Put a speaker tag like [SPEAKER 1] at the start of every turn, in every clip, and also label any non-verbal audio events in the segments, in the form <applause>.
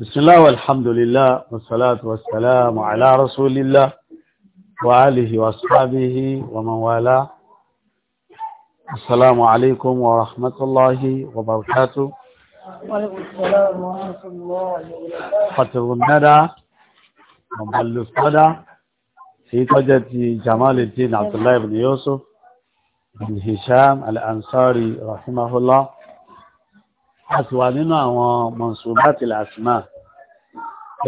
[SPEAKER 1] بسم الله والحمد لله والصلاة والسلام على رسول الله وآله وأصحابه ومن والاه السلام عليكم ورحمة الله وبركاته
[SPEAKER 2] وعليكم السلام ورحمة الله وبركاته
[SPEAKER 1] خطر الندى
[SPEAKER 2] ومحل الصدى
[SPEAKER 1] في قجة جمال الدين عبد الله بن يوسف بن هشام الأنصاري رحمه الله a sì wà nínú àwọn mọ̀nsúbátì làásìmá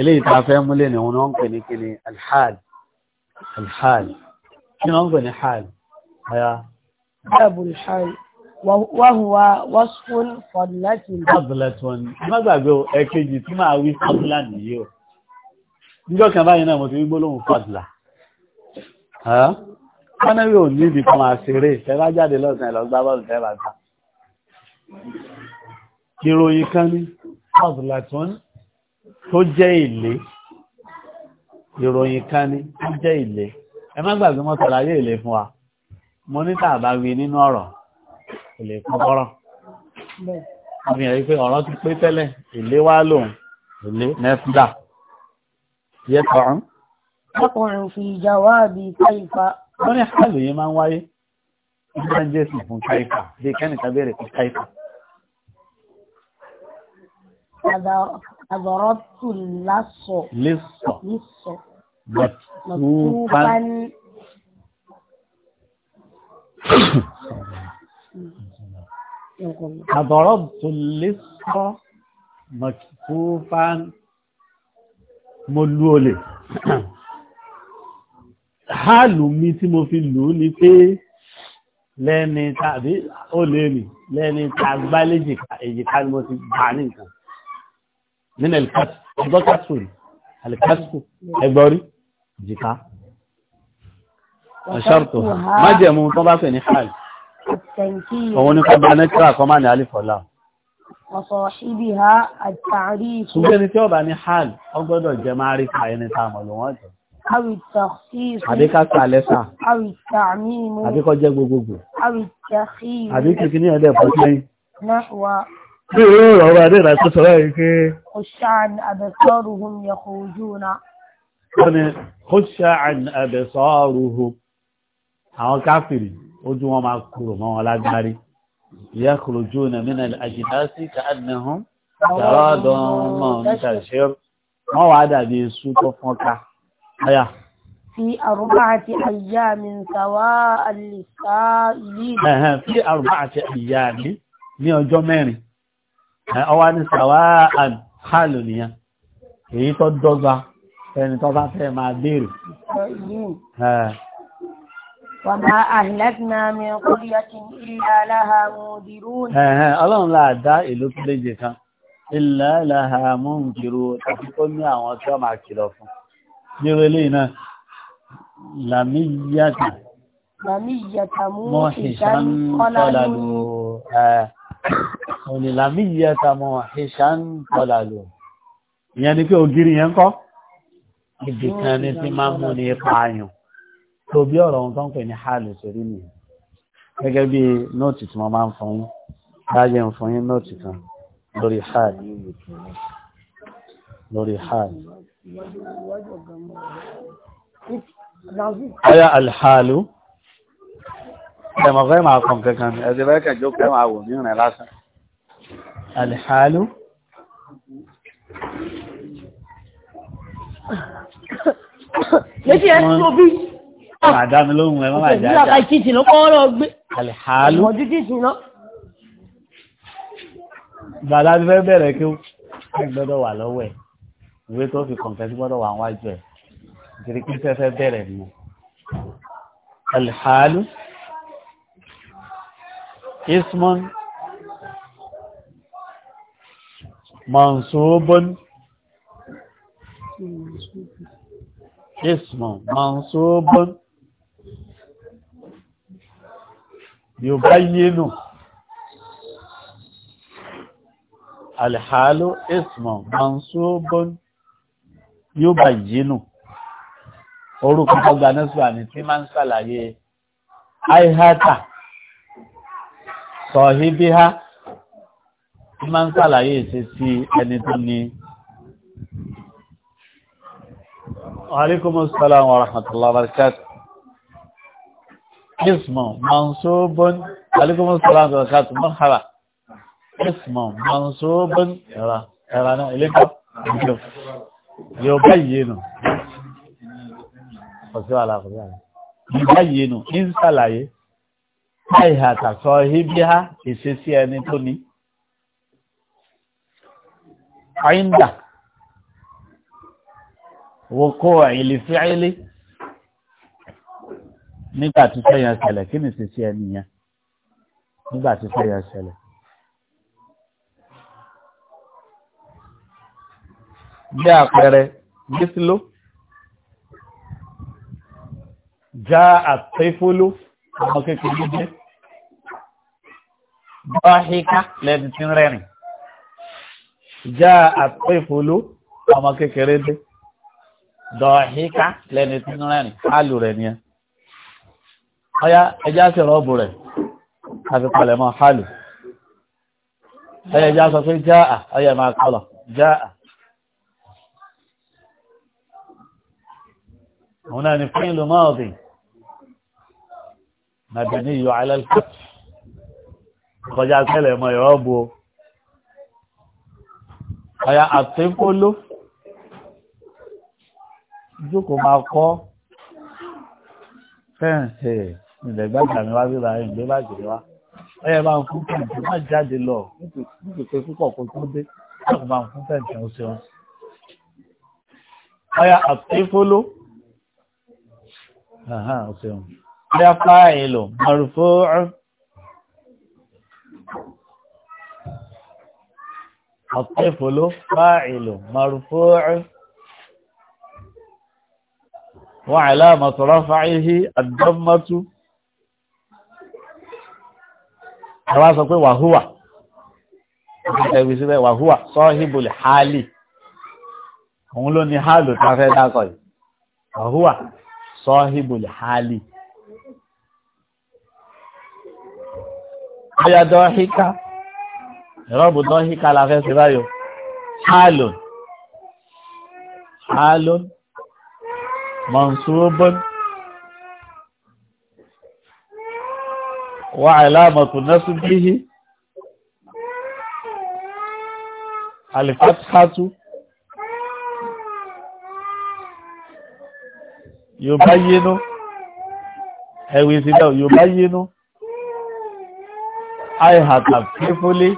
[SPEAKER 1] eléyìí tá a fẹ́ múlẹ̀ ní wọn ń pè ní kíni alhal alhal kí wọ́n ń pè ní hal aya dábùrù hal wáhùwá wọ́sùn fọ̀dùláṣì fọ̀dùláṣì nígbàgbé ẹ̀kejì tí máa wí fọ̀dùlá nìyí o níjọ́ kan báyìí náà mo ti wí gbólóhùn fọ̀dùlá wọ́n náà yóò ní ibi kan máa ṣeré ìfẹ́ jáde lọ́sàn-án lọ́gbá ìròyìn kan ní azlaton tó jẹ́ ilé ìròyìn kan ní tó jẹ́ ilé ẹ má gbàgbé mọ́ tàlàyé ilé fún wa mo ní tàbá wí nínú ọ̀rọ̀ ilé kọ́kọ́rọ́ àmì ẹ̀rí pé ọ̀rọ̀ ti pé tẹ́lẹ̀ ilé wá lòun ilé nẹ́fúdà yẹ tọ̀run. ọkùnrin fi jàwáàbí káyífà. wọ́n ní hàlù máa ń wáyé wọ́n máa ń jẹ́sìn fún káyífà bí kẹ́nìkan béèrè fún káyífà
[SPEAKER 3] àdọ̀rọ̀tù lásọ̀. lẹ́sọ̀ lẹ́sọ̀.
[SPEAKER 1] mọ̀túfán. àdọ̀rọ̀tù lẹ́sọ̀ mọ̀túfán. mo lu olè hálù mi tí mo fi lù ú ni pé lẹ́ni tàbí ó lè lẹ́ni tàgbá léjìká èjìká ni mo ti gbà ní nínú ẹ̀lìkásù ẹgbọ́ kásù rí ẹ̀lìkásù ẹgbọ́ rí jìká
[SPEAKER 3] ọ̀ṣọ́rùtò májẹ̀mú
[SPEAKER 1] tó bá fẹ̀ ní hàlì
[SPEAKER 3] òun ní kọba nẹ́tíra kọ
[SPEAKER 1] máa ní alifọ̀lá ṣùgbẹ́ni tí ó bá ní hàlì ó gbọ́dọ̀ jẹ máa rí ka ẹni tá àmọ̀ lòun ọ̀jọ̀
[SPEAKER 3] àbíká sàlẹ́sà àbíkọ́ jẹ́ gbogbogbò àbíkìkì ní ẹ̀dẹ̀ pọ̀ bí irú ọ̀rọ̀ adé ìrà tó sọ̀rọ̀ yìí pé. Khushan absaruhum yakhujuna.
[SPEAKER 1] Wọ́n ni Khushan absaruhum. Àwọn káfìrì ojú wọn máa kúrò mọ́ wọn lágbárí. Yakhrujuna min al-ajdathi ka'annahum taradun muntashir. Wọ́n wá dàbí iṣu tó fọ́n ká. Ọya.
[SPEAKER 3] Fi arba'ati ayyamin sawa'an lis
[SPEAKER 1] ní ọjọ́ mẹ́rin ọwá ní sàwá àhàlù nìyàn èyí tó dọ́gba ẹni tó bá fẹ́ máa béèrè
[SPEAKER 3] وما أهلكنا من قرية إلا لها منذرون
[SPEAKER 1] ọlọ́run la dá ìlú tó léje kan إلا لها منذرون tàbí tó ní àwọn tí wọ́n máa kìlọ̀ fún nírò iná làmíyàtà
[SPEAKER 3] mọ́ ìṣàn kọ́lá
[SPEAKER 1] lóòó ònìlàmí yìí ẹ̀tàmọ̀ ìṣà ń kọlà lò ìyẹn ni pé ògiri yẹn kọ́ ibì kan ní tí máa mú ní ipa ayùn tó bí ọ̀rọ̀ ohun tó ń pè ní hálù sórí mi gẹ́gẹ́ bí nóòtì tí wọ́n máa ń fún yín láyé ń fún yín nóòtì kan lórí hálù lórí hálù ọyá alhálù ẹmọ fẹ́ máa kàn kankan ni ẹsẹ̀ fẹ́ kẹjọ fẹ́ máa wò nínú rẹ̀ lásán alìhálù
[SPEAKER 3] létí ẹsùn obi
[SPEAKER 1] àdámi lóhun ẹ máa jáde ìjọba
[SPEAKER 3] ìkìtì ló kọ́ lọ gbé
[SPEAKER 1] alìhálù ọjọ́ kìtì náà bàdá ti fẹ́ bẹ̀rẹ̀ kí ó gbọ́dọ̀ wà lọ́wọ́ ẹ̀ ìwé tó fi kàn sí gbọ́dọ̀ wà wájú ẹ̀ ìdírí kí bẹ̀rẹ̀ nù alìhálù ismun mansubun ismun mansubun yubayyinu alhalu ismun mansubun yubayyinu orúkọ gbanisba ni tí máa ń ṣàlàyé aihata sọ̀híbíhá tí máa ń sàlàyé ìṣe sí ẹni tó ní alaikumus salam wa rahmatullahi wa barakatuh ismu mansubun alaikumus salam wa barakatuh marhaba ismu mansubun ẹ̀rà ẹ̀rà náà ilẹ́kọ̀ọ́ yóò báyìí nù ọ̀sẹ̀ àlàkùnrin yóò báyìí nù ń sàlàyé àìhà tàṣọ híbíhá ìṣesí ẹni tó ní. àyíǹdà wọ́kọ́ àìlèfíàílé nígbà tí sẹ́yìn ṣẹlẹ̀ kí ni ìṣesí ẹni yẹn nígbà tí sẹ́yìn ṣẹlẹ̀. bí àpẹẹrẹ gbésíló já àtẹ́fóló ọmọ kékeré jẹ́. ضاحكة لن تنرين جاء الطفل أما كريد ضاحكة لن تنرين حلو رنيا هيا إجاسة ربوري هذا كلمة حلو هيا إجازة جاء هيا ما قال جاء هنا نفعل ماضي مبني على الفتح kọjá tẹ́lẹ̀ mọ́ ìrọ́ bu o ọ̀yà àtẹ́kóló jókòó máa kọ́ fẹ́ǹsẹ̀ ìdẹ̀gbàgbà mi wá sí ra ìgbé bàjẹ́ wá ọ̀yà bá ń fún fẹ́ǹsẹ̀ má jáde lọ nítorí pé púpọ̀ kó tó dé láti máa fún fẹ́ǹsẹ̀ ó ṣeun ọ̀yà àtẹ́kóló ó ṣeun ọ̀yà fáìlù mọ̀rùfóòrùn. الطفل فاعل مرفوع وعلامة رفعه الضمة àwọn sọ pé wàhúwà ẹgbẹ̀ síbẹ̀ wàhúwà sọ́hìbò lè hálì òun ló ní hálù tàfẹ́ dákọ̀ yìí wàhúwà sọ́hìbò lè hálì ọya dọ́híká ìrọ́bù dọ́híká la fẹ́ sí báyọ̀ ṣáàlùn ṣáàlùn mọ̀nsúrúbùn wà aláàmọ̀tún nẹ́sù bíhí alifátíhátú yóò bá yínú ẹ̀wì sílẹ̀ yóò bá yínú àìhàtà fífúlé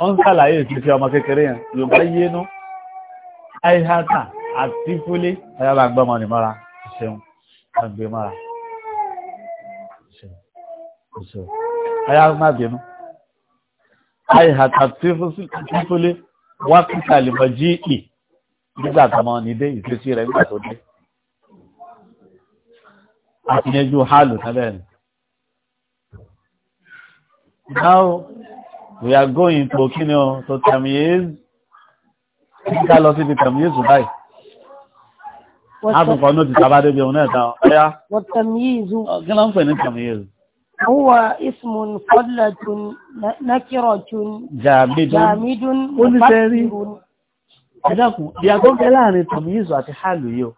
[SPEAKER 1] wọ́n sàlàyé ìfífẹ́ ọmọ kékeré yẹn yorùbá yénú àìhàtà àti fúlé ayába ń gbọ́mọ nìmọ́ra ṣeun àgbè mọ́ra ṣeun ayába má bínú àìhàtà fífúlé wá kíkà lèmọ̀ jí ì nígbà tọmọ nídé ìfésí rẹ̀ nígbà tó dé àtìyẹjú hálù tẹ́lẹ̀ ni Now we are going to kí ni o to Tamiz
[SPEAKER 3] ká lọ síbi Tamiz báyìí. Àtùkọ̀
[SPEAKER 1] náà ti sábádé bí òun náà tán. Ọya.
[SPEAKER 3] Wọ́n Tamiz.
[SPEAKER 1] Kí ló ń pè ní Tamiz?
[SPEAKER 3] Àwọn ismun fadlatun nakiratun
[SPEAKER 1] jamidun
[SPEAKER 3] mufassirun.
[SPEAKER 1] Ẹ dákun, ìyà tó ń bẹ láàrin Tamiz àti Hálù yìí o.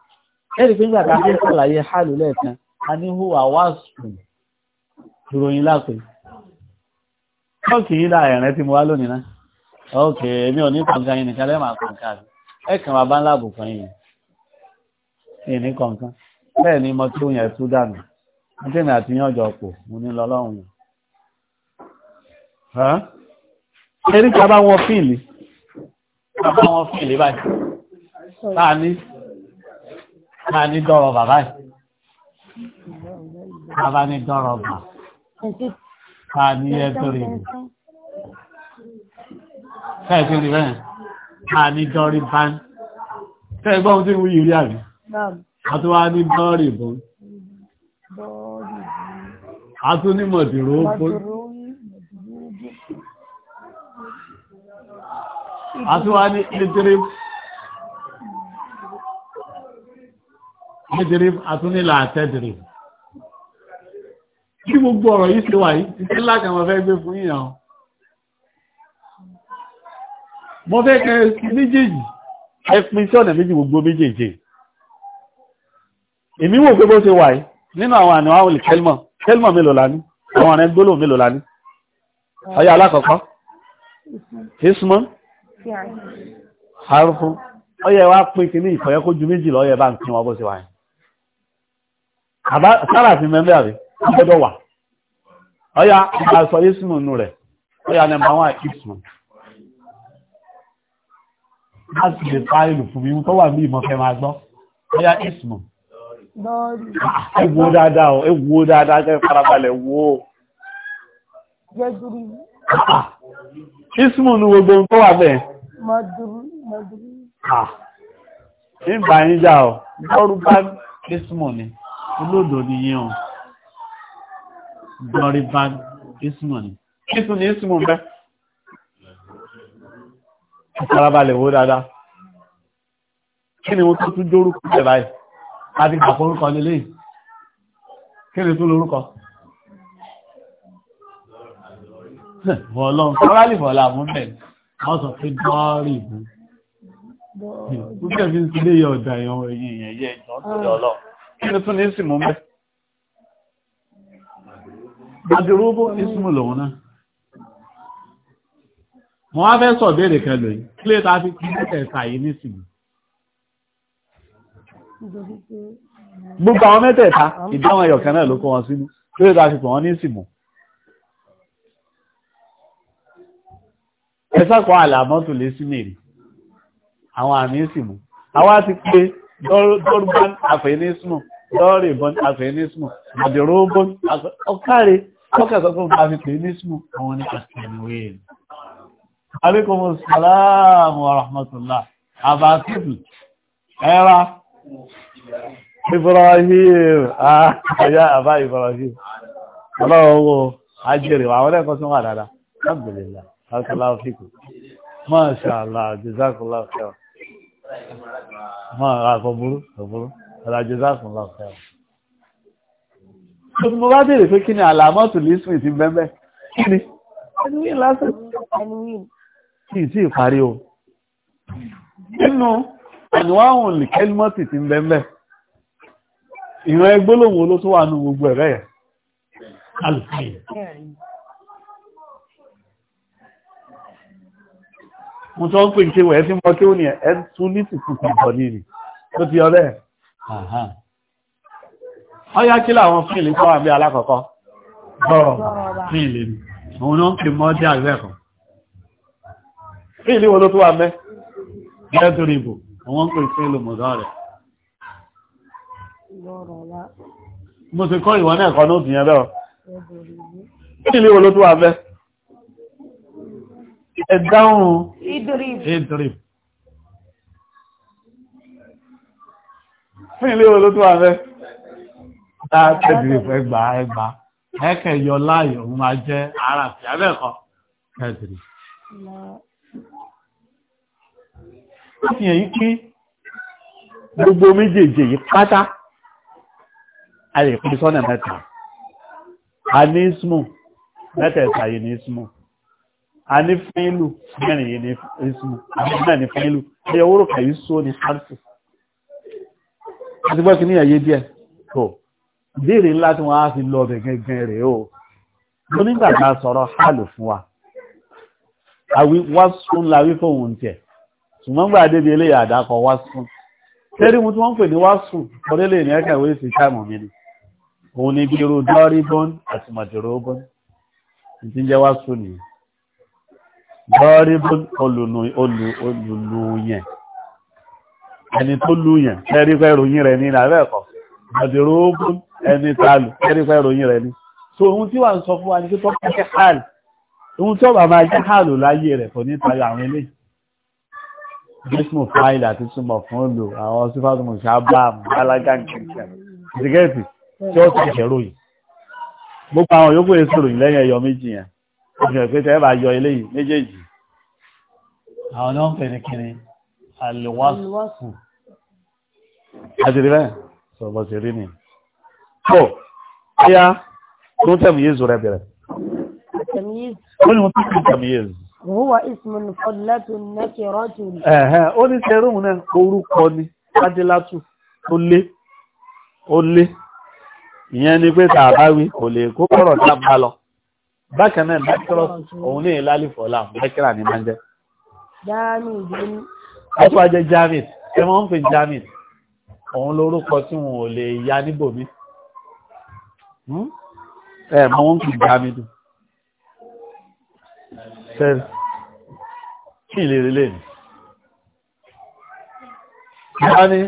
[SPEAKER 1] Ẹ̀rì pé nígbà tá a fi ń sàlàyé Hálù lẹ́ẹ̀kan, a ní hùwà wáṣù ìròyìn lápẹ̀ẹ́ tọ́ọ̀kì yìí láàrin ẹ̀rẹ́ tí wá lónìí náà ok èmi ò ní kọ̀ǹkan yìí nìkan lẹ́màá kọ̀ǹkan ẹ kàn bá ńlá àbùkàn yìí yìí bẹ́ẹ̀ ni mo tó yẹn tú dànù nítorí àti yàn jọ pò mo ní lọ lọ́hùn yìí. eré tí a bá wọn fíìlì a bá wọn fíìlì báyìí tá a ní tá a ní dọ́rọ̀ bàbá
[SPEAKER 2] àníyẹ tó rí bù ṣẹ́ẹ̀tí rí bẹ́ẹ̀
[SPEAKER 1] àní dọ́rí bán ṣẹ́ẹ̀gbọ́n tí wúyí rí àrí àtúwá ní dọ́rí bù àtún ní mọ̀dìrò ó
[SPEAKER 2] àtúwá ní ìdírí
[SPEAKER 1] ìdírí àtún ní kí gbogbo ọ̀rọ̀ yìí ṣe wà yìí iṣẹ́ ńlá kan wọ́n fẹ́ gbé fún yìnyàn mo fẹ́ kẹ́ méjèèjì ẹ pín sí ọ̀nà méjì gbogbo méjèèjì èmi wò pé bó ṣe wà yìí nínú àwọn àná àwọn olè kẹlmọ̀ kẹlmọ̀ mélòó la ní àwọn àrẹ gbólóhùn mélòó la ní
[SPEAKER 2] ọyá alákọ̀ọ́kọ́
[SPEAKER 1] ismon harfu ọyẹ wa pín kí ní ìfọ̀yẹ́ kó ju méjì lọ ọyẹ bá ń pín wọn bó ṣe wà yìí sára fi mẹ́mbẹ́ àbí agbọ́dọ̀ wà ọya àṣọ ismù nù rẹ̀ ọya nẹmbà wọn ismù láti lè fáìlù fún mi tó wà ní ìmọ̀fẹ́ máa gbọ́ ọya ismù ẹwọ́ dáadáa ẹwọ́ dáadáa kẹ́ farabalẹ̀ wó ismù nù gbogbo tó wà bẹ́ẹ̀ ìgbà yín já ọ lọ́rùn bá ismù ni olódò ni yíyan dọ́ríban ismọ̀ ni kíkún ní ismọ̀ mẹ́ ìfarabalẹ̀ wó dáadáa kí ni wọ́n tó tún jórúkú jẹ báyìí láti gbàforúkọ nílé kí ni tó lórúkọ bọ̀ọ̀lọ́n kọ́rálì bọ̀ọ̀lá mú mẹ́ wọ́n sọ pé dọ́rí ìbú Gbogbo ẹ̀fí ń sílé yọ̀ ọ̀dà ìyàn ẹ̀yìn ìyẹn yẹ́ ìjọ́ tó lọ́lọ́. Kí ni tún ní ìsìn mú mẹ́? Adúrúbó ismù lòun náà. Mo wá fẹ́ sọ béèrè kan lòyìn, kí lè ta fi kí mẹ́tẹ̀ẹ̀ta yìí nísìnyí.
[SPEAKER 2] Gbogbo àwọn mẹ́tẹ̀ẹ̀ta, ìdáwọn ẹyọ̀kan náà ló kọ́
[SPEAKER 1] wọn sínú, kí lè ta fi pọ̀ wọn nísìmù. Ẹsàkọ́ àlàmọ́tò lé sí mèrì, àwọn àmì ìsìmù. Àwa ti pé dọ́rùbọ́n àfẹ́ nísìmù, dọ́rìbọ́n àfẹ́ nísìmù, àdìrúbọ́n àfẹ́ ọkàrẹ́ Ọkẹ̀ sọ fún bá fi pè ní ṣù àwọn ní àṣìwé. Alékòmò sàlámù àràmàtàlá, àbátìbì, ẹra, Ibrahim, àyà ah, àbá Ibrahim. Ọlọ́wọ́ ajẹ́rẹ̀ àwọn ẹ̀kọ́ tí wọ́n dáadáa. Alhamdulillah, alhamdulillah fíkù. Masha Allah, jazakallah khair. Máa rà kọ burú, kọ burú. jazakallah khair tó mo bá bèèrè pé kí ni àlàmọ́tù lísùn ìsìn bẹ́ẹ̀bẹ́ kí ni
[SPEAKER 3] ẹniwí lásán
[SPEAKER 1] kí sí ìparí o nínú àníwáhùn lìkẹ́lmọ́tì ti bẹ́ẹ̀bẹ́ ìran ẹgbólóhùn olótó wà ní gbogbo ẹ̀rẹ́ ẹ̀ alùpàì mo tọ́ ń pè ń kéwẹ̀ ẹ́ tí mọ́ kéwù ni ẹ̀ tún ní tìtù kọ̀ọ̀kan ni tó ti ọ̀rẹ́ ẹ̀ ọyá kí láwọn fíìlì tó wà bí alákọ̀ọ́kọ́ bọ́rọ̀ fíìlì ni òun náà fi mọ́ dí àgbẹ́kọ̀ fíìlì wọn ló tó wà mẹ́ gẹ́gẹ́rì ìbò àwọn ń pè fíìlì mọ̀dọ́ rẹ̀ mo ti kọ́ ìwọ̀n náà fíìlì wọn mẹ́ tẹ́bìrì fún ẹgbà ẹgbà ẹ̀kẹ́ yọ láàyè òun máa jẹ́ ara sí abẹ́ẹ̀kọ́ tẹ́bìrì. ó fi hàn yí kí gbogbo méjèèjì yìí pátá a lè pín sọ́nà mẹ́ta a ní ismu mẹ́tẹ̀ẹ̀ta yìí ní ismu a ní fílù mẹ́rin yìí ní ismu a ní mẹ́rin fílù ẹ̀yẹ orúkọ yìí só ní sáàtì àti gbọ́ kí ní ẹ̀yẹ díẹ̀ tó ìbéèrè ńlá tí wọ́n á fi lọ bẹ̀ gẹ́gẹ́ rẹ̀ o tó nígbà tá a sọ̀rọ̀ hálò fún wa àwí wásún la wí fóun tiẹ̀ ṣùgbọ́n gbà débi eléyà àdákọ̀ wásún tẹ́rí mu tí wọ́n ń pè ní wásún ọdẹ́lẹ̀ ní ẹ̀kẹ́ ìwé sí táìmù mi ni òun ni bí irú dọ́rí bọ́n àti màjòrò bọ́n ti ń jẹ́ wásún nìyí dọ́rí bọ́n olùlù yẹn ẹni tó lù yẹn tẹ́rí pẹ́ ròyìn rẹ̀ ní ìlànà ẹ̀kọ́ àdèrò ogun ẹni tààlù ẹni pẹ́ ìròyìn rẹ̀ ni so ohun tí wà ń sọ fún wa ní pé tọ́pọ̀ jẹ́ hàlù ohun tí ọba máa jẹ́ hàlù láyé rẹ̀ kò ní tayọ àwọn ilé gbésùmù fáìlì àti túnmọ̀ fún lò àwọn sífàtúmù sábà bálágà kìkìkì ìdígẹ́ẹ̀tì
[SPEAKER 2] tí ó ti ṣẹ̀rọ
[SPEAKER 1] yìí gbogbo àwọn yòókù èso ròyìn lẹ́yìn ẹ̀yọ méjì yẹn ó fi hàn pé tẹ́ bá yọ ilé yìí méjèèjì àwọn náà ń pè ní kiri àlùwàsù àti rí bẹ́ẹ̀ sọ̀rọ̀ sí rí ni tó ẹyá tó tẹ̀míyèzù rẹ̀ bẹ̀rẹ̀ ó ní wọ́n tó kí tẹ̀míyèzù
[SPEAKER 3] Wọ́wà ismun fadlatun nakiratu. Ẹ̀hẹ́ ó ní
[SPEAKER 1] tẹrùn náà orúkọ ni Adélátù tó lé, ó lé. Ìyẹn ni pé tàbá wí kò lè kó kọ̀rọ̀ dábà lọ. Bákan náà Dákírọ̀ òun ní ìlálìfọ̀lá, Dákírà ni máa ń jẹ́. Jámìt. ẹ máa ń pè Jámìt òun lórúkọ tí wọn ò lè ya níbòmí hmm? ẹ mọ wọn kì í dá mi dùn tẹ́lẹ̀ kí lè rí lẹ́nu wọ́n ni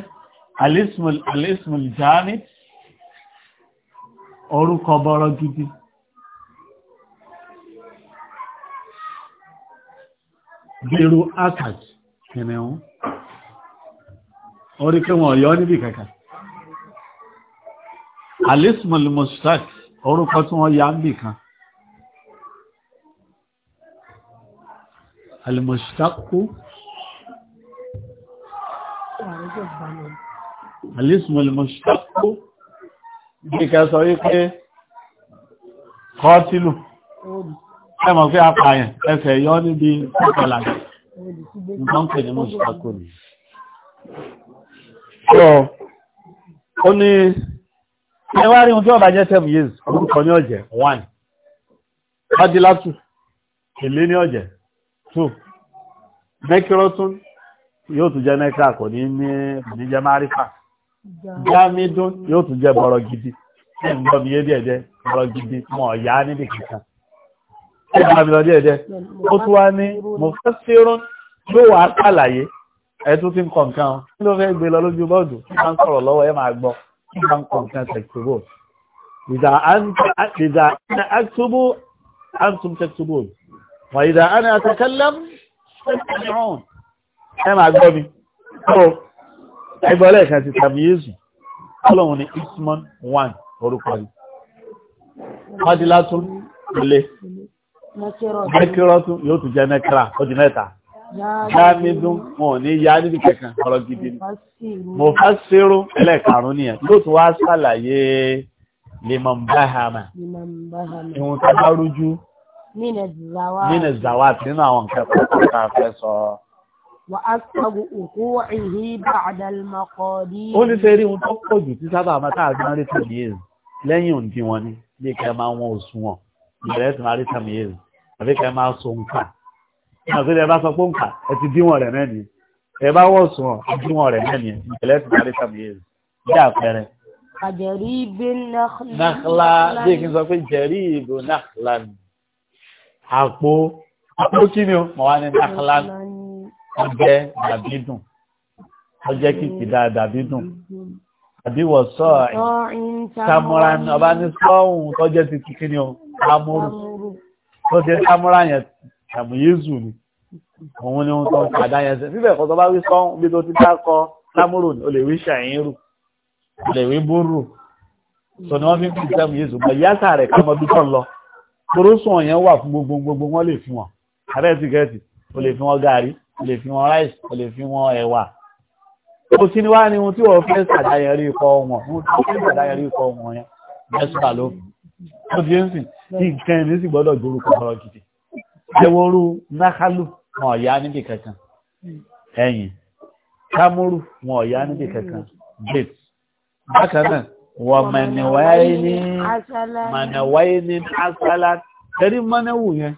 [SPEAKER 1] alismul jami orúkọ bọ́rọ̀ gidi gbèrú akàjì kìnnìún orí pé wọn yọ níbi kankan alismul mustaq orúkọ tí wọ́n ya níbi kan alimustaku alismul mustaku bí ká sọ wípé kọ́tílù ẹmọ̀ pé apààyàn ẹsẹ̀ yọ níbi pọ́pọ̀lá
[SPEAKER 2] nǹkan pè ní mustaku
[SPEAKER 1] ni ó ní ẹwà rí ohun tí ọba jẹ́ seven years orúkọ ní ọ̀jẹ̀ one adilatu èlé ní ọ̀jẹ̀ two mẹ́kírọ́tún yóò tún jẹ́ nẹ́kà kò ní ní yotu márífà jámídún gidi ẹ̀gbọ́n mi yé díẹ̀dẹ́ bọ̀rọ̀ gidi mọ̀ ọ̀yá níbi kankan mi lọ díẹ̀dẹ́ ó tún wá ní mo fẹ́ yóò ẹ̀tún ti ń kọ̀ nǹkan kí ló fẹ́ gbé lọ lójú bọ́ọ̀dù kí máa ń sọ̀rọ̀ lọ́wọ́ ẹ máa gbọ́ kí máa ń kọ̀ nǹkan tẹ̀kítúbò ìdá ana aktubu antum tẹ̀kítúbò wà ìdá ana atakallam ẹ máa gbọ́ mi tó ẹgbọ́ lẹ́ẹ̀kan ti tàbí yéésù ọlọ́run ni ismon one orúkọ rí adilátún ilé
[SPEAKER 2] mẹ́kírọ́tún
[SPEAKER 1] yóò tún jẹ́ mẹ́kírà ó di mẹ́ta
[SPEAKER 2] jámídún
[SPEAKER 1] wọn ò ní yá níbi kankan ọ̀rọ̀ gidi
[SPEAKER 3] ni mo fà
[SPEAKER 1] ṣerú ẹlẹ́karùn-ún nìyẹn yóò tún wá ṣàlàyé limam bahama ìwọ̀n tó bá rújú
[SPEAKER 3] nínú
[SPEAKER 1] zawat nínú àwọn nǹkan pàtàkì tá a fẹ́ sọ. ó ní sẹ́rí ohun tó pọ̀ jù tí sábà máa tá a gbọ́n rí tàbí èèyàn lẹ́yìn òǹdí wọn ni bí kẹ́ máa wọn òṣùwọ̀n ìrẹsì máa rí tàbí èèyàn àbí kẹ́ máa so nǹkan àti ẹ bá sọ pé ń kà ẹ ti díwọ̀n rẹ̀ mẹ́ni ẹ bá wọ̀ sùn ọ̀ díwọ̀n rẹ̀ mẹ́ni ìpìlẹ̀ ti parí sàmìyèsí
[SPEAKER 3] bí àpẹẹrẹ. àjẹrí ibi náxlá bí kí n sọ
[SPEAKER 1] pé jẹrí ìbò náxlá ni àpò àpò kí ni o mọ̀ wá ní náxlá
[SPEAKER 3] ọjẹ́ dàbí
[SPEAKER 1] dùn ọjẹ́ kìkì dáa dàbí dùn àbí wọ̀ sọ ẹ̀
[SPEAKER 3] samura ọba
[SPEAKER 1] ní sọ́ọ̀hún tọ́jẹ́ ti kí ni o amúrú tó ṣe samura yẹn àmúyézù ni òun ni wọ́n tọ́ àdáyẹsẹ̀ síbẹ̀ kọ́ tó bá wí sọ́n bí tó ti dákọ́ lámúrò ó lè wí ṣàyínrù ó lè wí búrù sọ ni wọ́n fi ń pè sẹ́mu yézù bọ̀ yáta rẹ̀ ká mọ bí tọ́ lọ kórósùn ọ̀yẹn wà fún gbogbo gbogbo wọn lè fi wọn àbẹ́ ti gẹ̀ẹ́sì ó lè fi wọn gàrí ó lè fi wọn ráìsì ó lè fi wọn ẹ̀wà ó sì ní wá ní ohun tí wọ́n fẹ́ sàdáyẹrí ikọ̀ wọn ohun tí wọ́n fẹ́ sàdáyẹrí ikọ̀ wọn yẹn mẹ́sùn àlófin ó ti ń sìn kí nǹkan ẹni sì gbọ́dọ̀ gbórúkọ ọ̀rọ̀ gidi ẹwọ́rú nákálù wọn ọ̀yá níbi kankan ẹ̀yìn kámúrù wọn ọ̀yá níbi kankan gate bákan náà wọ́n mẹ̀nìwáyé ní mẹ̀nìwáyé ní asálá tẹ́rí mọ́nẹ́wù yẹn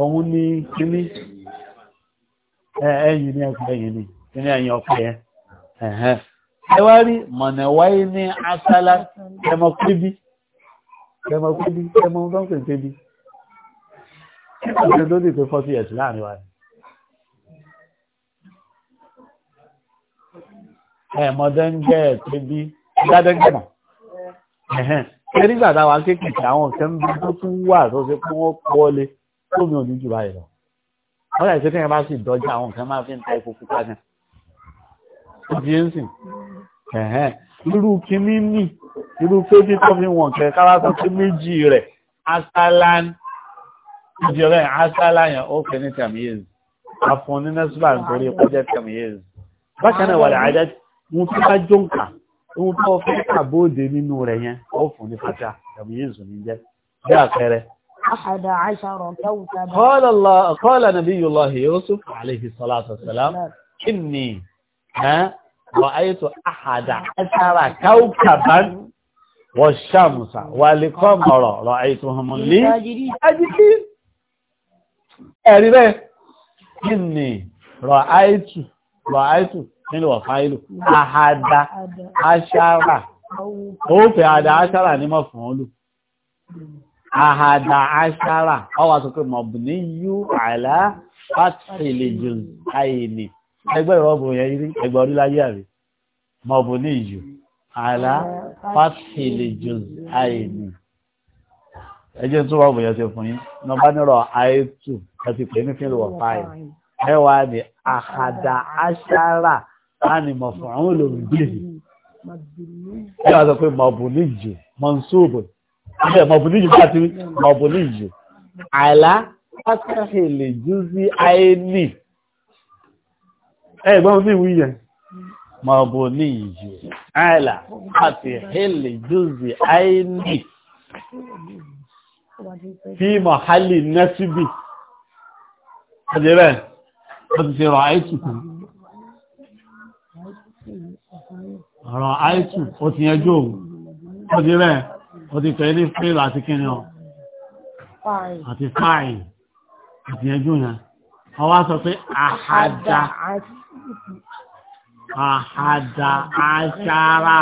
[SPEAKER 1] òun ní kíní ẹ̀yìn ní ẹ̀kọ́ ẹ̀yìn ní kíní ẹ̀yìn ọ̀pẹ yẹn ẹ mọ̀nẹ̀wáyé ní asálá ẹmọ pébí ẹmọ ọ̀sẹ̀ tó dì pé forty years láàrin wa ẹ̀ mọ́dẹ́ńgẹ́ pé bí dádẹ́ńgẹ́ mọ̀ nígbà táwa kéékèèké àwọn nǹkan bí tó tún wà tó ṣe pé wọ́n pọ́lé tó mi ò ní jù báyìí lọ wọ́n yà sí kéèyàn bá sì dọ́jà àwọn nǹkan máa fi ń ta epo pupa náà ó di ń sìn irú kìíní nì irú pé títọ́ fi wọ̀n kẹ́ káwá sọ pé méjì rẹ̀ asalan ìdí ọ̀rẹ́ aṣáláyàn ó fẹ́ ní tamiyiz afun ní nẹ́sùlá nítorí kọjẹ́ tamiyiz bákan náà wà lè àjẹ́ ohun tó bá jó ń kà ohun tó fẹ́ kàbóòdè nínú rẹ̀ yẹn ó fún ní fata tamiyiz ní jẹ́ bí àpẹẹrẹ qala nabiyullahi yusuf alayhi salatu wassalam inni ra'aytu ahada ashara kawkaban wash-shamsa wal-qamara ra'aytuhum li ajlin ẹ̀rí bẹ́ẹ̀ kí ni rọ̀ àìtù rọ̀ àìtù nílò ọ̀fà ìlú àhàdà aṣára ó àdà aṣára ní mọ̀ fún olú àhàdà aṣára ọwà tó pé mọ̀bù ní yú àlá pàtàkì ẹgbẹ́ ìrọ́bù yẹn rí ẹgbẹ́ oríláyé àrí mọ̀bù ní yú àlá pàtàkì ẹjẹ́ tó wà bóyá ṣe fún yín nọmba nírọ̀ àìtù àti pé ní fílẹ̀ wọ̀ fáì ẹwà ni àkàdà aṣáárà láàrin mọ̀fún àwọn olùdíje ẹ wá sọ pé mọ̀bùnìjì mọ̀nsóòbù ẹ mọ̀bùnìjì bá ti mọ̀bùnìjì àìlá pátá lè jú sí àìní ẹ gbọ́n sí ìwú yẹn mọ̀bùnìjì àìlá pátá lè jú sí àìní fi mọ̀hálì nẹ́síbì ọjẹ́rẹ́ ó ti ṣe rọ̀ àìtùkù rọ̀ àìtù ó ti yẹjú òun ọjẹ́rẹ́ ó ti pẹ̀lú fíl àti kíni ọ àti fáìn àti yẹjú yẹn ọwá sọ pé àhàdà àhàdà àṣàrà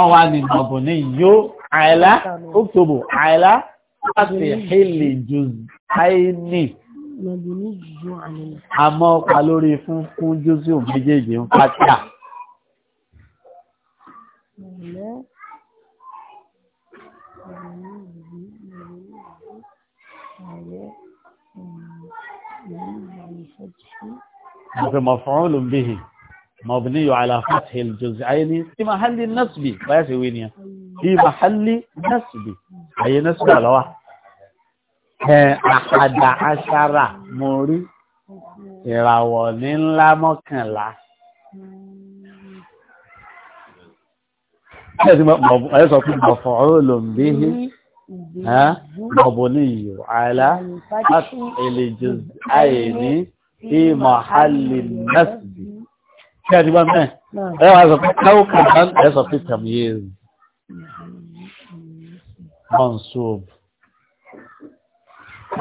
[SPEAKER 1] ọwá ni ní yóò àìlá oktobo àìlá láti hìlì jù àìní àmọ́ ọpa lórí fún fún jùsù méjèèjì ń pàtíà هذا مفعول به مبني على فتح الجزئين في محل النصب ويسوينها fi mahalli nasibi àyè nasibi àlọ́wà àkàdà aṣára mo rí ìràwọ̀ ní ńlá mọ́kànlá ẹ sọ pé bọ̀fọ̀ olùmbíhí mọ̀bùníyù àìlá àtìlẹ̀jù àìní fi mahalli nasibi kí ẹ ti gbọ́ mẹ́ ẹ wá sọ pé káwọ́ kàdán ẹ sọ pé tàmíyèsí منصوب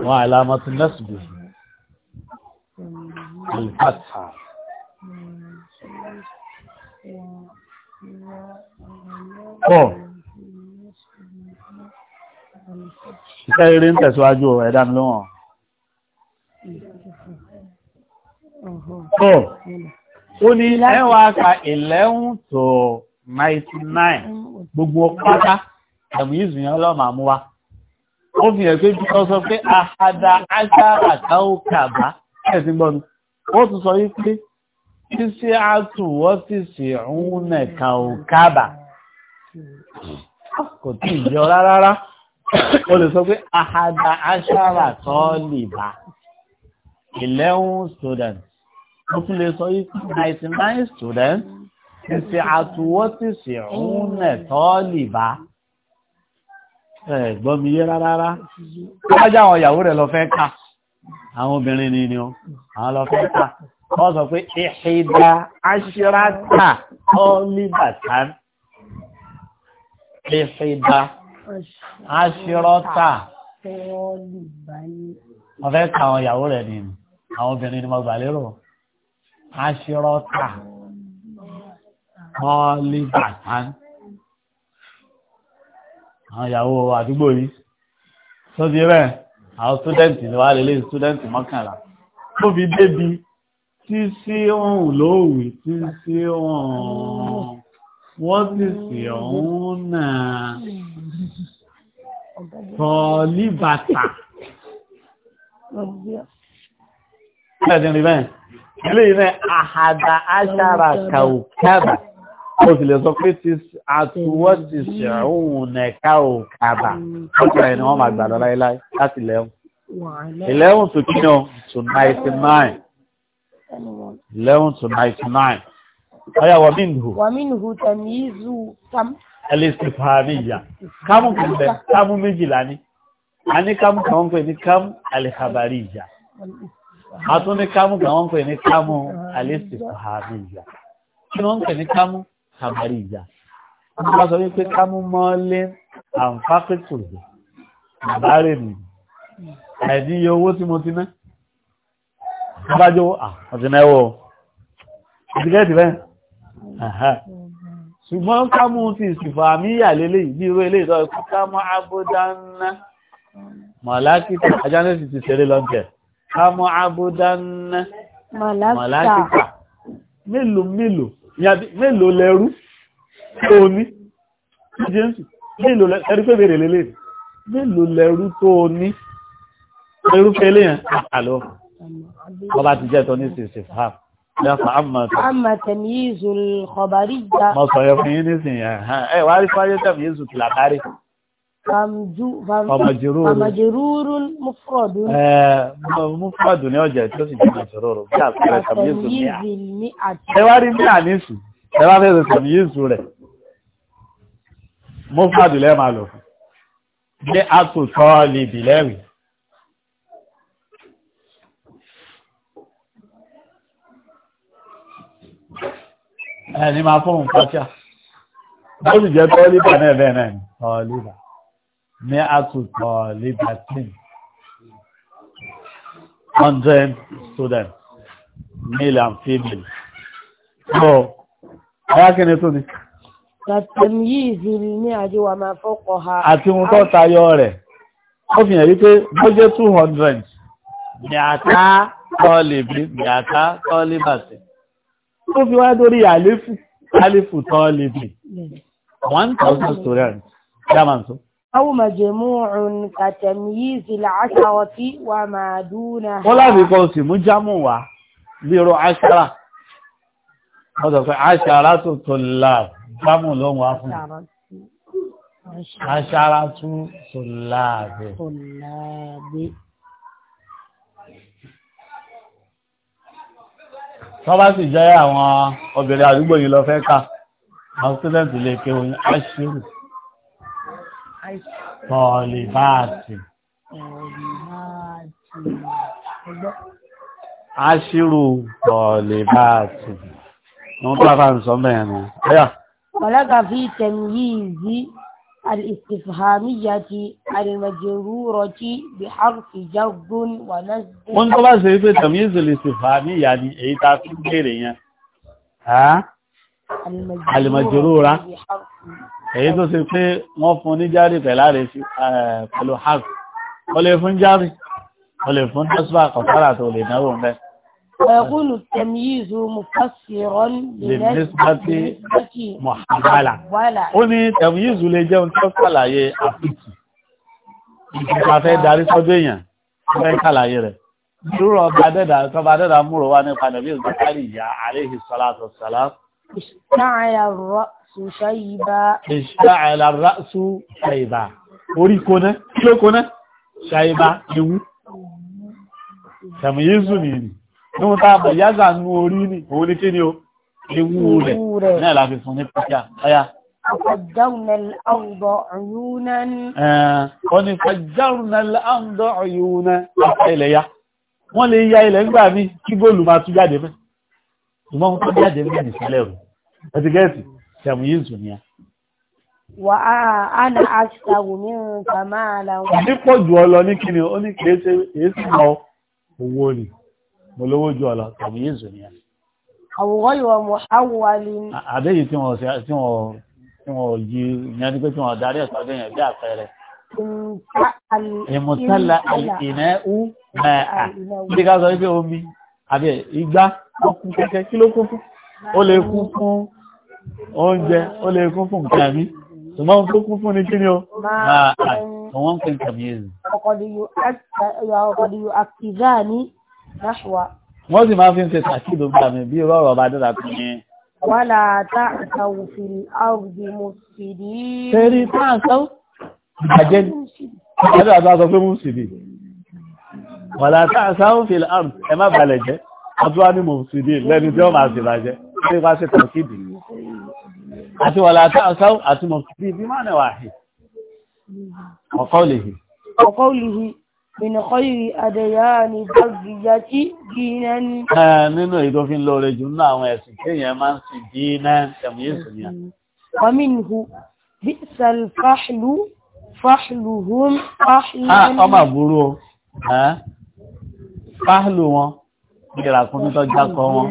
[SPEAKER 1] وعلامة نسبه الفتحة iṣẹ́ rere ń tẹ̀síwájú ẹ̀dá mi lọ́wọ́ ọ̀ ó ní ẹwà ka 11 to 99 gbogbo pátá tẹ̀míìsì yẹn lọ́mọ àmúwá ó fi hàn pé bí wọ́n sọ pé ahada agbára àtàwò kàbá ẹ̀ ti gbọ́nu ó tún sọ wípé sísí àtún wọ́n sì sì ń nẹ̀ka ò kábà kò tí ì jọ rárá ó lè sọ pé ahada agbára tó lè bá eleven students ó tún lè sọ wípé ninety nine students sísí àtún wọ́n sì sì ń nẹ̀tọ́ lè bá ẹ̀gbọ́n mi yé rárá rárá ọjọ́ àwọn ìyàwó rẹ̀ lọ fẹ́ ká àwọn obìnrin ni ni àwọn lọ fẹ́ ká wọ́n sọ pé ìhìdá aṣírátà ọ́líbàtà ìhìdá aṣírátà
[SPEAKER 3] wọ́n fẹ́ ká àwọn
[SPEAKER 1] ìyàwó rẹ̀ ni àwọn obìnrin ni mo gbà lérò aṣírátà ọ́líbàtà àwọn ìyàwó àdúgbò yìí tó ti rẹ̀ àwọn stúdẹ́ǹtì ni wà lè lè stúdẹ́ǹtì mọ́kànlá tó fi débi tí sí ohun lóòwì tí sí ohun wọ́n sì sì ọ̀hún náà tọ́lí bàtà ilé ìrìn àhàdà aṣára kàùkàbà ó sì lè sọ pé ti àtúwọ́ ti ṣẹ̀hún nẹ̀ka ò kàbà ọjọ́ ẹni wọ́n máa gbàdọ̀ láíláí láti lẹ́hùn
[SPEAKER 3] eleven to kí to ninety nine
[SPEAKER 1] eleven to ninety nine ọ̀yà wà mínú.
[SPEAKER 3] wà mínú tẹ̀míìzù tam.
[SPEAKER 1] ẹlẹ́sìn fàmìyà kamu kò bẹ̀ kámú méjìlá ni kamu ní kámú kan kamu pè ní kámú alihabariya a tún ní kámú kan wọ́n pè ní kámú alẹ́sìn fàmìyà ni wọ́n àbárí ìjà
[SPEAKER 3] wọ́n bá sọ wípé ká
[SPEAKER 1] mú mọ́lé àǹfàkìtù àbárè mi àìdíyẹ owó tí mo ti ná abájọ́ àti ah, náwó ìdíkẹ́ẹ̀tì bẹ́ẹ̀ ṣùgbọ́n ká mú ti ìsìnkú àmì ìyàlélé ìdí irú ilé ìtọ́ ikú ká mọ́ abúdánná mọ̀lákìtà ajánẹ́sì ti ṣeré lọ́nkẹ̀ ká mọ́ abúdánná mọ̀lákìtà mélòó mélòó mélòó lẹ́rú tó ní jésù mélòó lẹ́rú ẹ̀rí pé bèèrè lélẹ̀ mélòó lẹ́rú tó ní ẹrú pẹ̀lẹ́ yẹn àlọ́ ọba ti jẹ́ tọ́ ní sèṣe fà lẹ́fà
[SPEAKER 3] àmàtẹ̀ ní ìzù kọ̀bàrí
[SPEAKER 1] ìjà
[SPEAKER 3] famajururun mufrodun. mufrodun
[SPEAKER 1] ni ọjà tí ó sì jẹ́ màjòròrò bí àpẹẹrẹ sàmìyèsù ní
[SPEAKER 3] à. ẹ wá rí ní àníṣù ẹ wá fẹ́
[SPEAKER 1] sàmìyèsù rẹ̀ mufrodun lẹ́ máa lò fún ní àtúntọ́ lèbì lẹ́rìí. ẹni máa fóun pàṣà ó sì jẹ́ tọ́líbà náà bẹ́ẹ̀ náà ni tọ́líbà ní àtúntọ̀ libertine hundred students male and female. So, ọ̀yá kí ni tó ní?
[SPEAKER 3] Tàtẹ̀mí yìí ìzìrì ní àjíwà máa fọ́kọ̀ ha. Àti ohun tó
[SPEAKER 1] tayọ rẹ̀, ó fi hàn wípé bó jẹ́ two hundred ní àká tọ́ọ̀lìbí ní àká tọ́ọ̀lìbàtì. Ó fi wá dórí àléfù tọ́ọ̀lìbì
[SPEAKER 3] one thousand students. Dáàmà أو مجموع كتمييز العشرة وما دونها ولا بقوس
[SPEAKER 1] مجموع بيرو عشرة هذا في عشرة طلاب جمع لهم وافن
[SPEAKER 2] عشرة
[SPEAKER 1] طلاب طلاب tọ́bá sì jẹ́ àwọn obìnrin àdúgbò yìí lọ fẹ́ ká àwọn sílẹ̀ lè kéwọn aṣírù Tọ̀lìbáàtì. Aṣírù tọ̀lìbáàtì. Wọ́n tó àfà ń sọ mẹ́rin nù. Ẹyà.
[SPEAKER 3] Ọ̀lẹ́gà fi tẹ̀mù yìí sí al-istifhamiyati al-majrurati bi harfi jarrun wa nasb. Wọ́n tó bá ṣe wípé tẹ̀mù yìí
[SPEAKER 1] sí al ni èyí ta fi ń bèèrè yẹn.
[SPEAKER 3] Al-majrura
[SPEAKER 1] èyí tó ṣe pé wọ́n fún ní járì pẹ̀lú hajj ó lè fún járì ó lè fún tẹ́sùbà kọ̀tàrà tó lè náwó ń bẹ́ ويقول
[SPEAKER 3] التمييز مفسرا بالنسبة
[SPEAKER 1] محملة ó ní تمييز lè jẹun tó ṣàlàyé àfíìtì ìjọba fẹ́ darí sọ́dọ̀ èèyàn fẹ́ ṣàlàyé rẹ̀ dúró ọba dẹ́dà tọba dẹ́dà múrò wá nípa nàbí ìgbàkárì ìyá àléhìsọ́lá
[SPEAKER 3] ra'su ṣayíbá.
[SPEAKER 1] ìṣàlà ra'su ṣayíbá orí kóná kí ló kóná ṣayíbá ewu ṣàmìyézù nìyí ní wọ́n tàbí yázà nú orí ní òun ní kí ni o ewu rẹ̀ náà láti fún ní pàtíà ọya Wọ́n ni fàjáruná l'áńdọ̀ ọ̀yúnà àpá ilẹ̀ ya. Wọ́n lè ya ilẹ̀ ńgbà ní kí góòlù máa tún jáde mẹ́. Ṣùgbọ́n tó jáde mẹ́ nìsílẹ̀ rù. Ẹ̀tìgẹ́ẹ̀tì, tẹ̀míyìzù nìyẹn.
[SPEAKER 3] wà wa àná aṣáwò mi ń ta máa la wọn. àti
[SPEAKER 1] pọ̀ jù ọ lọ ní kíni ó ní kìí ṣe èyí sì lọ owó ni mo lówó jù ọ lọ tẹ̀míyìzù nìyẹn.
[SPEAKER 3] àwòrán ìwà mọ̀ àwòwálé ni.
[SPEAKER 1] àdéhìí tí wọ́n tí wọ́n tí wọ́n yí ìyẹn ni pé tí wọ́n darí ẹ̀sọ́ déyàn bí àpẹẹrẹ.
[SPEAKER 3] ìmùtálà ìnẹ́
[SPEAKER 1] ú mẹ́ẹ̀à bí ká sọ wípé omi àbí ìgbá ó kún kẹ́kẹ́ kí ló kún fún ó lè kún fún oúnjẹ ó lè kún fún nǹkan rí ṣùgbọ́n tó kún fún ní kí ni ó
[SPEAKER 3] máa àìsàn ah, ah, eh, wọ́n ń pè nǹkan mìíràn. Eh, eh,
[SPEAKER 1] wọ́n sì máa fi ń ṣe tàkìdò gbà mí bí rọrọ̀ ọba dára tó ní.
[SPEAKER 3] wàlá táàkàwù fìlì áwùjì mo sì rí. tẹ́rí
[SPEAKER 1] táàkàwù ìbàjẹ́ ni ọjọ́ àti àṣọ pé mo sì rí. wàlá táàkàwù fìlì áwùjì ẹ má balẹ̀ jẹ́ ọdún wa ni mo sì rí lẹ́ni tí ó máa bàjẹ́ ṣe bá ṣe tàbí ìdì ní àti wà látà sáwọ́ àti mọ̀ sí ibi máa nẹ̀wà àhì ọ̀kọ́ lè hì ọ̀kọ́ lè
[SPEAKER 3] hì ìnàkọ́ yìí adẹ̀yà ni dágbìyà tí dínà ní
[SPEAKER 1] nínú ìdófin lóore jù nínú àwọn ẹ̀sìn kéèyàn máa ń sì dínà tẹ̀mù yéṣù ní
[SPEAKER 3] àmìnhu bí sàlfàhlù fàhlùhùn
[SPEAKER 1] wọn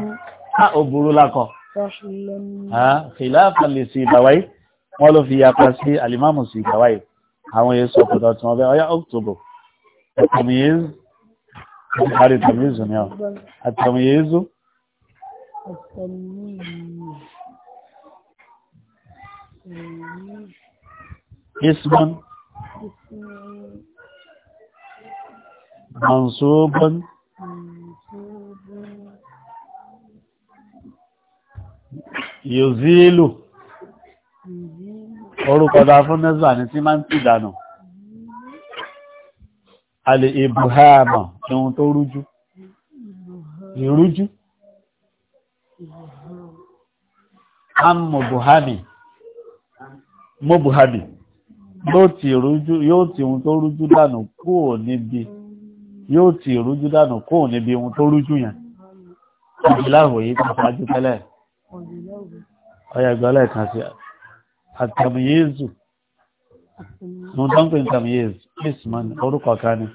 [SPEAKER 1] á ò burú lákọ̀. khilafa li Sibawayh wọ́n ló fi yapa sí alimamu Sibawayh àwọn èyí sọ pọ̀tọ̀ tí wọ́n bẹ́ ọyá ọ̀tọ̀bọ̀ التمييز هذا تمييز يا التمييز اسم منصوب yòzílù orúkọ dá fún mẹ́sà ní tí máa ń tì dànù alè ìbùhámà ohun tó rújú ìrújú amòbùhámì mọ́bùhámì yóò ti rújú yóò ti ohun tó rújú dànù kúrò níbi yóò ti rújú dànù kúrò níbi ohun tó rújú yẹn ìgbìláwò yìí pàpàájú tẹ́lẹ̀ ọyà ìgbọ́lẹ̀ kan sí àtàmìyézù ní tó ń pè ní tàmìyézù isman orúkọ kan ni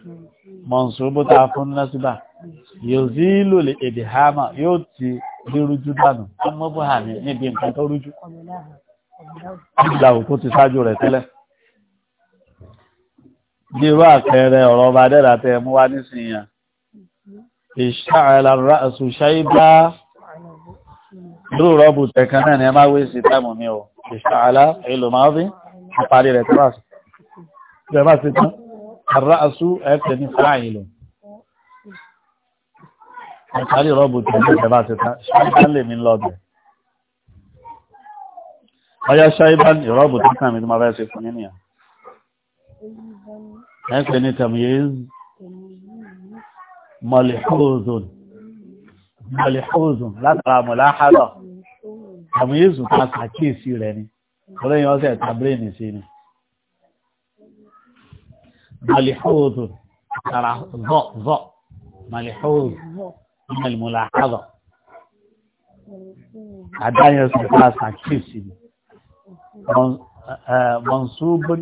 [SPEAKER 1] mọ̀nsúrúbó tá a fún násíbà yóò sí lòlẹ̀ èdè hama yóò ti rírújú dànù ọmọbó hà ní níbi nǹkan tó de ìgbà òkú ti ṣáájú rẹ̀ tẹ́lẹ̀ bí irú àpẹẹrẹ ọ̀rọ̀ ọba adẹ́rà tẹ mú wá nísìnyàn ìṣàlàrà ṣùṣàìbá dúró rọ́bù tẹ̀kan náà ni ẹ máa wé sí táìmù mi o ìṣàlá èlò máa fi parí rẹ̀ tẹ́lásì ìjọba ti tán àrà àṣú ẹ̀fẹ̀ ní fáìlù ìparí rọ́bù tẹ̀kan ìjọba ti tán ṣáìbá lè ní lọ́dẹ̀ ọyá ṣáìbá ìrọ́bù tẹ̀kan àmì yéésù ta sàkíyèsí rẹ̀ ni ọlẹ́yìn ọ̀sẹ̀ ta bírèèni sí ni. malihudu tara zọ zọ malihudu mẹlìmúlà àbọ̀ àdáyẹsù ta sàkíyèsí ni mansubun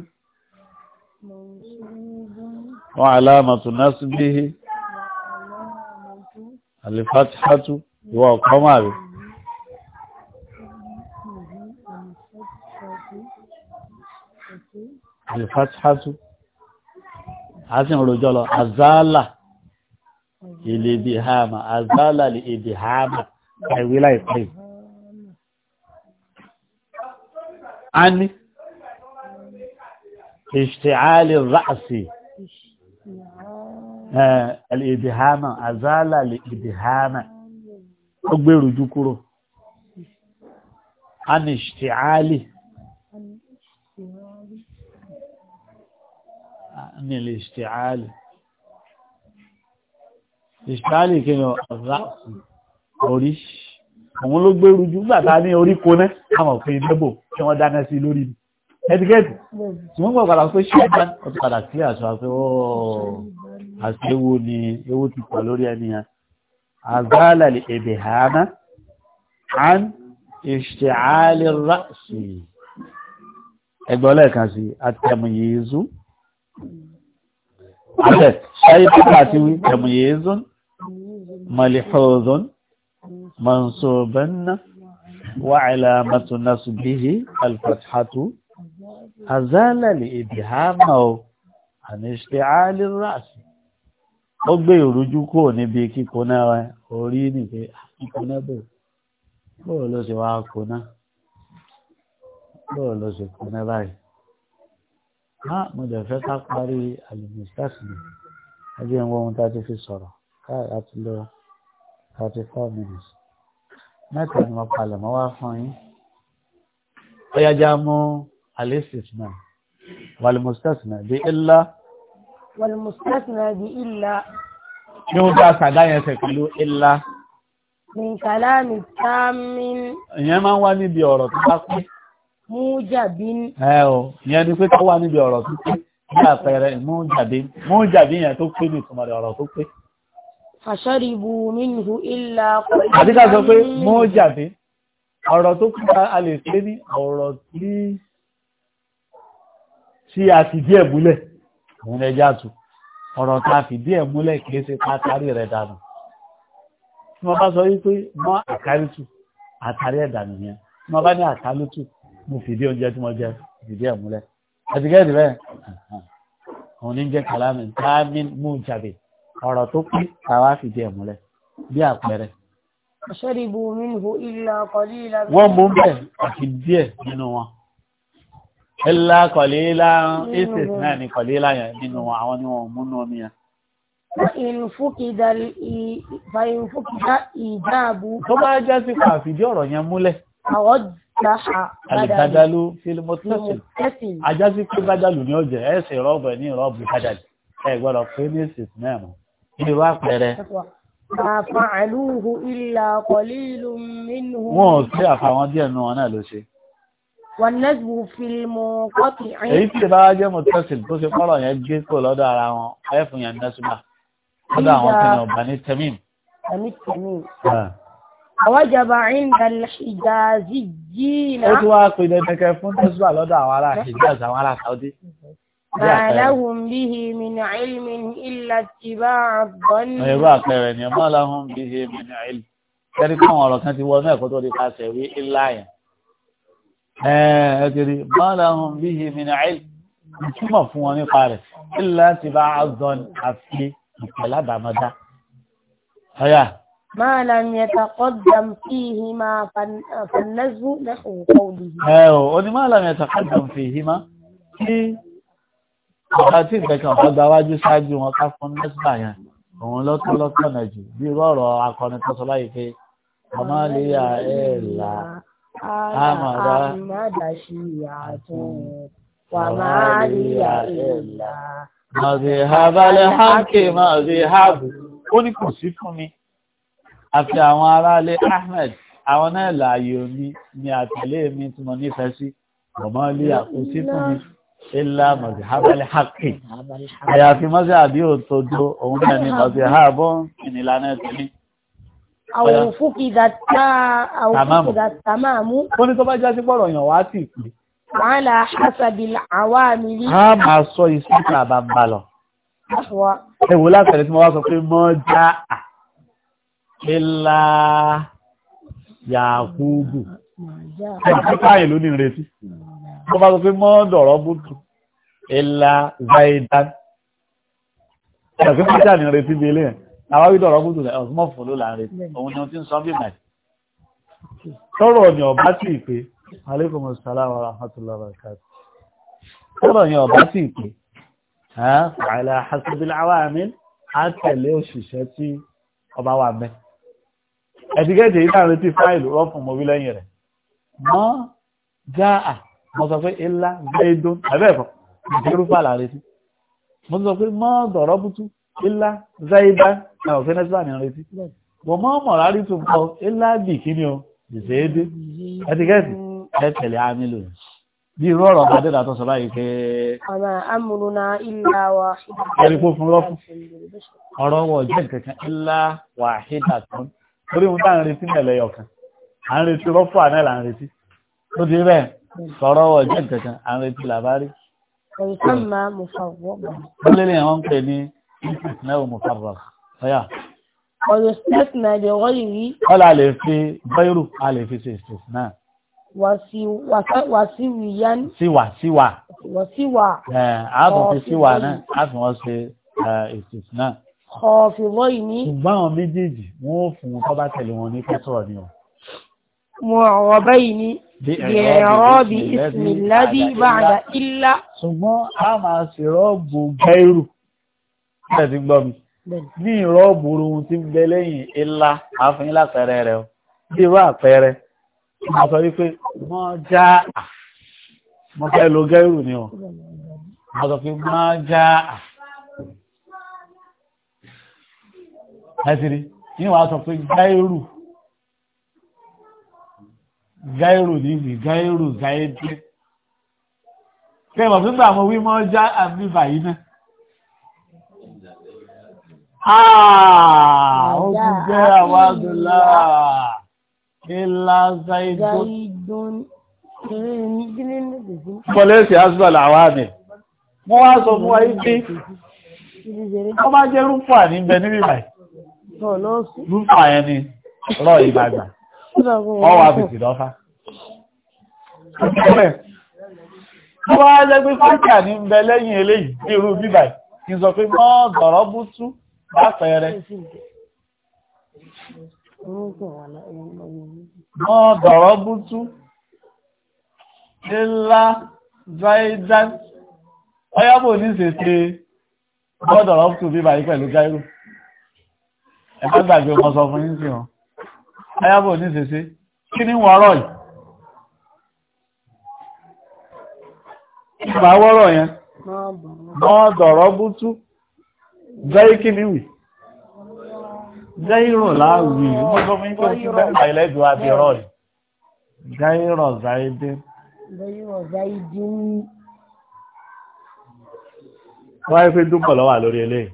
[SPEAKER 1] wa alamatu nasbihi alifatihatu ìwọ ọkọ máa rí. alifasihatu asin rojọ lọ azala ilibihama azala ilibihama àìwé láìpẹ́ yìí. a ní ìṣtìálì ráàsì alìbihama azala alìbihama ó gbèrú jù kúrò anìṣtìálì anìṣtìálì ìṣtìálì kí ni ọ̀rásù orí àwọn ló gbé rújú gbàtà ní orí koná àmọ̀ fún ìdẹ́bò kí wọ́n dáná sí lórí ẹtikẹ́tì tí wọ́n gbàgbàrà pé ṣẹ́gbàn ọtí padà sí àṣọ àfẹ́ ọ̀ọ́ àti ewu ni ewu ti pọ̀ lórí ẹniyàn àgbáàlà èdè hàánà ìṣẹ̀álẹ̀ ráṣì ẹgbẹ́ ọlẹ́ẹ̀kan sí àtẹ̀mùyézú àtẹ̀ ṣáyíkà àti tẹ̀mùyézú
[SPEAKER 2] mọ̀lẹ̀fọ́ọ̀zún
[SPEAKER 1] mọ̀nsọ̀bẹ́nà wàhálà mọ̀túnásùbíhì alfàtàtù àzálàlẹ̀ ìbìhámà ọ̀ àni ìṣẹ̀álẹ̀ ráṣì ó gbé ìrújú kúrò níbi kíkóná orí nìfẹ́ kíkóná bẹ̀rẹ̀ bóò ló ṣe wá kóná bóò ló ṣe kóná báyìí ha mo dẹ̀ fẹ́ ká parí alimusasi ẹbí ẹ̀ ń wọ́n tá a ti fi sọ̀rọ̀ káyọ̀ láti lọ thirty four minutes mẹ́ta ni mo palẹ̀ mọ́ wá fún yín ó yájá mú alisis náà walimusasi náà bí ilá.
[SPEAKER 3] walimusasi náà bí ilá. ní wọ́n bá a
[SPEAKER 1] sàgá yẹn fẹ̀ pẹ̀lú ilá
[SPEAKER 3] min kalami tamin.
[SPEAKER 1] ìyẹn máa ń wá níbi ọ̀rọ̀ tó bá pé.
[SPEAKER 3] mújàbín.
[SPEAKER 1] ẹ o ìyẹn ni pé tó wá níbi ọ̀rọ̀ tó pé bí àpẹẹrẹ mújàbín mújàbín yẹn tó pé ní ìtumọ̀ rẹ̀ ọ̀rọ̀ tó pé.
[SPEAKER 3] fàṣọ́rìbù minhu illa kọ́. àti ká sọ pé mújàbín
[SPEAKER 1] ọ̀rọ̀ tó kú a lè pé ní ọ̀rọ̀ tí tí a ti díẹ̀ múlẹ̀ òun ẹja tù ọ̀rọ̀ tá a fi díẹ̀ múlẹ̀ kì í ṣe pátárì rẹ̀ dànù tí wọ́n bá sọ wípé mọ́ àkálùtù àtàrí ẹ̀dà nìyẹn tí wọ́n bá ní àkálùtù mo fìdí oúnjẹ tí mo jẹ fìdí ẹ̀ múlẹ̀ àtìgẹ́ẹ̀dì bẹ́ẹ̀ òun ní jẹ́ kàlámì káàmì mú jàbẹ̀ ọ̀rọ̀ tó pín àwa fìdí ẹ̀ múlẹ̀ bí àpẹẹrẹ. wọ́n mú bẹ́ẹ̀ àti díẹ̀ nínú wọn. ẹ̀la kọ̀lélá ẹ̀sẹ̀ náà ni kọ̀lélá yẹn nínú àwọn ni wọ́n mú nù omi yẹn tó bá jẹ́ sí pàfìdí ọ̀rọ̀ yẹn múlẹ̀
[SPEAKER 3] àlìdájálú
[SPEAKER 1] fílmọ́tẹ́sì ajásí pé bájálù ní ọjẹ́ ẹ̀sẹ̀ rọ́bẹ̀ ní rọ́bù kájàlì ẹgbọ́dọ̀ pé ní ìsìt mẹ́rin irú àpẹẹrẹ
[SPEAKER 3] wọn ò sí àfàwọn
[SPEAKER 1] díẹ̀ nù wọn náà ló ṣe èyí tí ìbára jẹ́ mọ̀tẹ́sì tó ṣe pọ́lọ̀ yẹn gbé kò lọ́dọ̀ ara wọn ẹ̀fùn yẹn nẹ́sùbà kódà àwọn tí wọn bá ní tẹmím. bani tẹmím.
[SPEAKER 3] àwọn ìjọba ìndà hijazi jìnnà. ó tún wáá
[SPEAKER 1] pè dẹdẹkẹ fún tẹsíwà lọ́dọ̀ àwọn ará hijaz àwọn ará saudi. ما لهم
[SPEAKER 3] به من علم إلا اتباع الظن ẹ̀rọ àpẹẹrẹ ni ما
[SPEAKER 1] لهم به من علم kẹ́rí kí àwọn ọ̀rọ̀ kan ti wọnú ẹ̀kọ́ tó di ká ṣẹ̀wé ńlá yẹn ẹ kiri ما لهم به من علم ìtumọ̀ fún wọn nípa rẹ̀ إلا اتباع الظن àfi ìpàlábàmọ́dá. ọ̀yà.
[SPEAKER 3] máa la ń yẹta kọ́dàm fi hi máa fanẹ́sù lẹ́kọ̀ọ́ kọ́ òdì.
[SPEAKER 1] ẹ o ó ní máa la ń yẹta kọ́dàm fi hi máa kí ọ̀gá tí ìgbẹ́kẹ̀ ọ̀gá gba wájú ṣáájú wọn ká fún nẹ́sùbà yẹn òun lọ́tọ́ lọ́tọ́ náà jù bí irú ọ̀rọ̀ akọni tó sọ pé ọmọ lè yà ẹ̀ là
[SPEAKER 3] á mọ̀ dá. àmàdà ṣì yà lè yà ẹ̀
[SPEAKER 2] là.
[SPEAKER 1] Màzìhábálẹ̀ hánkè màzìhábù. Ó ní kò sí fún mi. Àfi àwọn aráalé Ahmed, àwọn náà láàyò mi ni àtẹ̀lé mi tí mo nífẹ̀ẹ́ sí. Bọ̀mọ́ lé àkóso fún mi. Ilá màzìhábálẹ̀ hánkè. Àyàfi mọ́sí àbí òtòjó, òun náà ni màzìhábọ̀ ìnìlànà tèmi.
[SPEAKER 3] Àwọn òfúkìdà tá àwọn òfúkìdà tá máa mú. Ó ní tó bá já pọ̀rọ̀ yàn wá sí ìpè wàhálà hasabi àwa mi rí. a máa
[SPEAKER 1] sọ ìsúta bá bá lọ. ẹ wò látàrí tí mo wá sọ pé mọ́jà ìlà yàkúbù káyìn ló ní ìrètí tó bá sọ pé mọ́dọ̀rọ̀ bùtù ìlà zaidan ẹ̀fẹ́ mọ́jà ní ìrètí bí ilé àwọn ìdọ̀rọ̀ bùtù ọ̀sùnmọ̀fọ̀ ló là ń retí òun ni wọ́n ti ń sọ bí mẹ́rin tọ́rọ̀ ni ọ̀bá sì pé alaikum assalam wa rahmatullahi wa barakatuh ọ̀rọ̀ yẹn ọ̀bá sì pé ala hasbil awamil á tẹ̀lé òṣìṣẹ́ tí ọba wà mẹ́ ẹ̀dígẹ́dẹ̀ yìí láàrin tí fáìlì rọ́fún mọ́bí lẹ́yìn rẹ̀ mọ́ já à mọ́ sọ pé ilá gbẹ́dọ́ ẹ̀bẹ́ẹ̀kọ́ ìgbérúfà láàrin tí mọ́ sọ pé mọ́ dọ̀rọ́ bútú ilá zaida ọ̀rẹ́ tí wọ́n mọ́ mọ̀ rárí tó kọ ilá bì kí ni o ìṣèédé ẹ̀dígẹ́dẹ̀ tẹ́tẹ̀lé amílò bí irú ọ̀rọ̀ ọba dẹ́dà tó sọ báyìí pé
[SPEAKER 3] ẹ̀rìkó fún rọ́fún
[SPEAKER 1] ọ̀rọ̀ wọ̀ jẹ́ kankan illa wahidatun torí mo táà ń retí mẹ́lẹ̀ ọ̀kan à ń retí rọ́fún àná là ń retí tó ti rẹ̀ sọ̀rọ̀ wọ̀ jẹ́ kankan à ń retí làbárí. ó lé lẹ́yìn wọn ń pè ní ìsìnkú mọ̀kàbọ̀ ọ̀yà
[SPEAKER 3] wàsíwìyán.
[SPEAKER 1] síwà síwà. wàsíwà. ẹ àbọ̀ fi síwà náà a fi ṣe ètùtù náà. kọ̀ọ̀fìwọ́ yìí ní. ṣùgbọ́n àwọn méjèèjì wọ́n fún un tó tẹ̀lé wọn ní kẹ́tọ̀ọ̀ ni o. mo ọ̀rọ̀ báyìí ní. bẹ̀rọ̀ bí bàdà ilá. ṣùgbọ́n a máa ṣe rọ́ọ̀bù gẹ́rù. bẹ́ẹ̀ ti gbọ́ mi ní ìrọ́ọ̀bù ohun tí ń bẹ lẹ́yìn ilá àfin lápẹẹrẹ rẹ o bí irú àpẹẹrẹ ma sọ wípé mọ́ já mọ́ fẹ́ lo gẹ́rù ni ọ ma sọ pé mọ́ já ẹ̀sìrí ní wàá sọ pé gẹ́rù gẹ́rù ní ìwé gẹ́rù gẹ́ẹ́dẹ́ kẹwàá fún àwọn wí mọ́ já àmìbà yìí náà
[SPEAKER 3] Ah, ó ti jẹ́ àwọn àdúlá
[SPEAKER 1] illa
[SPEAKER 3] zaidun
[SPEAKER 1] Mọ̀lẹ́sì Asbal Àwámi.
[SPEAKER 3] Wọ́n wá sọ fún ayé bí
[SPEAKER 1] wọ́n bá jẹ́ rúfà ní bẹ níbi báyìí. Rúfà yẹn ni rọ ìgbàgbà. Wọ́n wá fìtì lọ́fà. Wọ́n wá jẹ́ pé fákà ní bẹ lẹ́yìn eléyìí ní irú bíbáyìí. Kì í sọ pé mọ́ dọ̀rọ̀
[SPEAKER 3] wọ́n
[SPEAKER 1] dọ̀rọ̀ bútú ńlá zaidan ọyábò ní ìsèké wọ́n dọ̀rọ̀ bútú bí báyìí pẹ̀lú gáírù ẹ̀kọ́ gbàgbé ọmọ sọ fún yínsìn wọn ọyábò ní ìsèké kí ní wọ́rọ̀ yìí
[SPEAKER 2] ìgbà wọ́rọ̀ yẹn wọ́n
[SPEAKER 1] dọ̀rọ̀ bútú zaidan kí ní wìí gáírò láàwì mọ́tò mi kò sí
[SPEAKER 3] mẹ́ta ìlẹ́dùn abirọ́ ni
[SPEAKER 1] gáírò záídé.
[SPEAKER 3] gáírò záídé ń.
[SPEAKER 1] wọ́n á fi dúpọ̀ lọ́wọ́ lórí eléyìí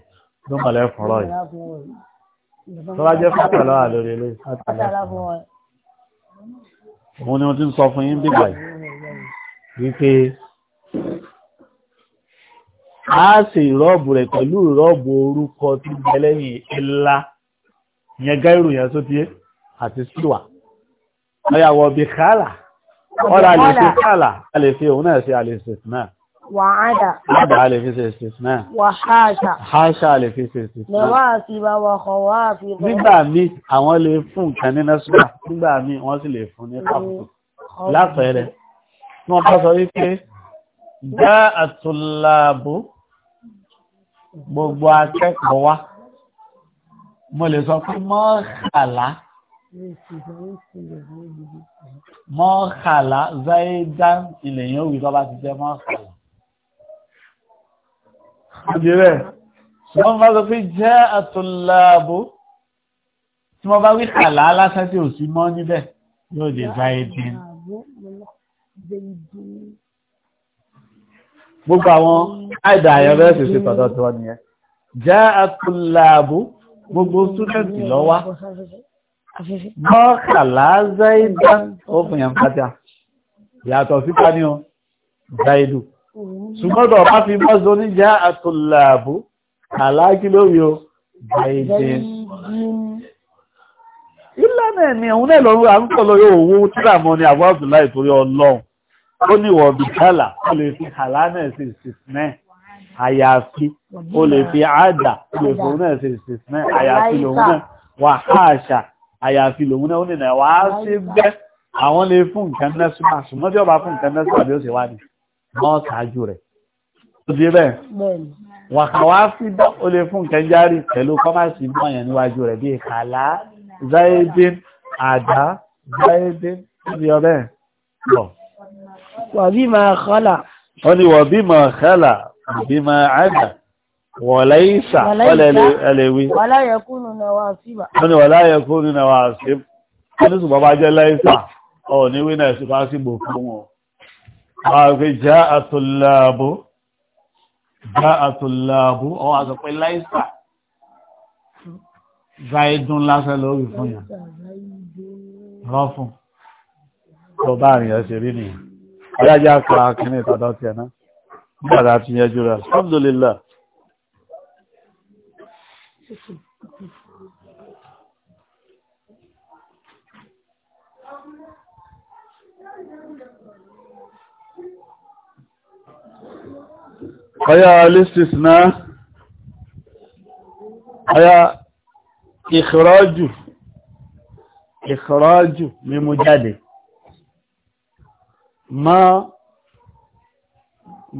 [SPEAKER 1] dúpọ̀ lẹ́fọ̀rọ̀
[SPEAKER 2] yìí tó bá jẹ́ fàtà lọ́wọ́ lórí eléyìí fàtà lẹ́fọ̀rọ̀
[SPEAKER 1] òun ni mo ti ń sọ fún yín bíbà yìí wípé a ṣe ìrọ́bù rẹ̀ pẹ̀lú ìrọ́bù orúkọ tí bẹ lẹ́yìn ńlá yẹn gáírù yẹn tó tiẹ́ àti síwà ọyàwó bí kálà ọ̀rọ̀ a lè fi kálà a lè fi òun náà sí a lè ṣe náà
[SPEAKER 3] wàhádà wàhádà a
[SPEAKER 1] lè fi ṣe ṣe náà
[SPEAKER 3] wàháṣà
[SPEAKER 1] háṣà a lè fi ṣe ṣe náà
[SPEAKER 3] lọ́wọ́ àti ìbá nígbà
[SPEAKER 1] míì àwọn lè fún nǹkan nígbà míì wọ́n sì lè fún ní mo lè sọ pé mọ́kàlá mọ́kàlá záídá ilẹ̀ yóò wí tọ́bá ti jẹ́ mọ́kàlá. Àjẹ́rẹ́, wọ́n bá sọ pé jẹ́ àtúnláàbò tí wọ́n bá wí kàlá lásán tí ò sí mọ́ níbẹ̀ yóò lè záídín. Gbogbo àwọn àìdà àyọ̀rẹ́ ṣèṣe tọ̀dọ̀ tí wọ́n nìyẹn. Jẹ́ àtúnláàbò gbogbo súdẹ̀tì lọ́wá mọ́kànlá zaida ó fún yàn fàtíà yàtọ̀ síta ní ọ zaidu
[SPEAKER 2] ṣùgbọ́dọ̀ bá fi
[SPEAKER 1] mọ́sọ ní já àtòlàbù aláàkí lórí o zaidin ìlànà ẹ̀mí ẹ̀hún náà lọ́rún àrúkọ̀ lórí owó tíramọ́ ni àbúrò àbdùlá ìtorí ọlọ́run ó ní wọ̀bìkálà ó lè fi kàlánà sí ìsìnkú àyàfi o lè fi àádà o lè fòun náà ṣe ìsìnkú àyàfi lòun náà wà áàṣà àyàfi lòun náà ó nìyà wà á sí bẹ́ àwọn lè fún nǹkan nẹ́sùmá ṣùgbọ́n tí ó bá fún nǹkan nẹ́sùmá bí ó ṣe wá ní wọ́n mọ́ yẹn rẹ̀ bíi máa kọ́là. ó ní wọ̀bí máa kọ́là bímọ àjà wọ̀lá ìsà ọlẹ́lẹ́wí wọ̀lá yẹkúnù náà wà sí ẹni tó bàbá jẹ́ láìsà ọ̀ ní wínà ìsìnká sí bò fún wọn àfi já àtùláàbò já àtùláàbò ọ àti pé láìsà zaidun lásán lórí fún yàn rọ́fún tó bá àrìyàn ṣe rí nìyàn بعد عارف الحمد لله هيا الاستثناء هيا إخراج إخراج من مجادل ما